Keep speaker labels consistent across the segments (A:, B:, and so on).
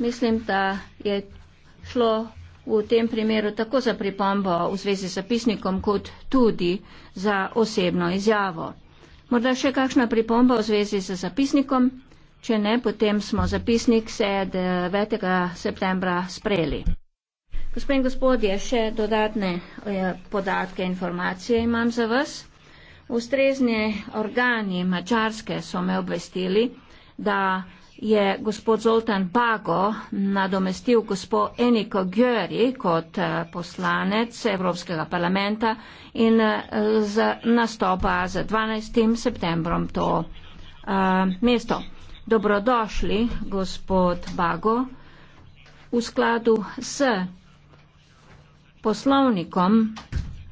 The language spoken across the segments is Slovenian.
A: Mislim, da je šlo v tem primeru tako za pripombo v zvezi s zapisnikom, kot tudi za osebno izjavo. Morda še kakšna pripomba v zvezi s zapisnikom? Če ne, potem smo zapisnik se 9. septembra sprejeli. Gospod in gospodje, še dodatne eh, podatke, informacije imam za vas. Ustrezni organi Mačarske so me obvestili, da je gospod Zoltan Bago nadomestil gospo Eniko Göri kot eh, poslanec Evropskega parlamenta in eh, z nastopa z 12. septembrom to uh, mesto. Dobrodošli, gospod Bago, v skladu s poslovnikom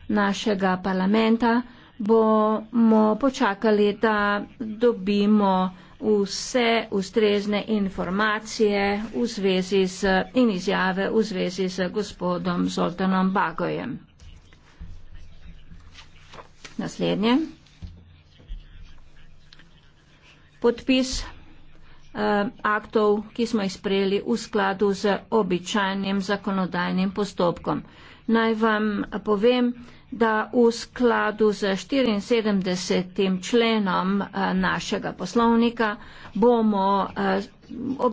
A: našega parlamenta bomo počakali, da dobimo vse ustrezne informacije v zvezi z in izjave v zvezi z gospodom Zoltanom Bagojem. Naslednje. Podpis Eh, aktov, ki smo jih sprejeli v skladu z običajnim zakonodajnim postopkom. Naj vam povem, da v skladu z 74. členom eh, našega poslovnika bomo ob eh,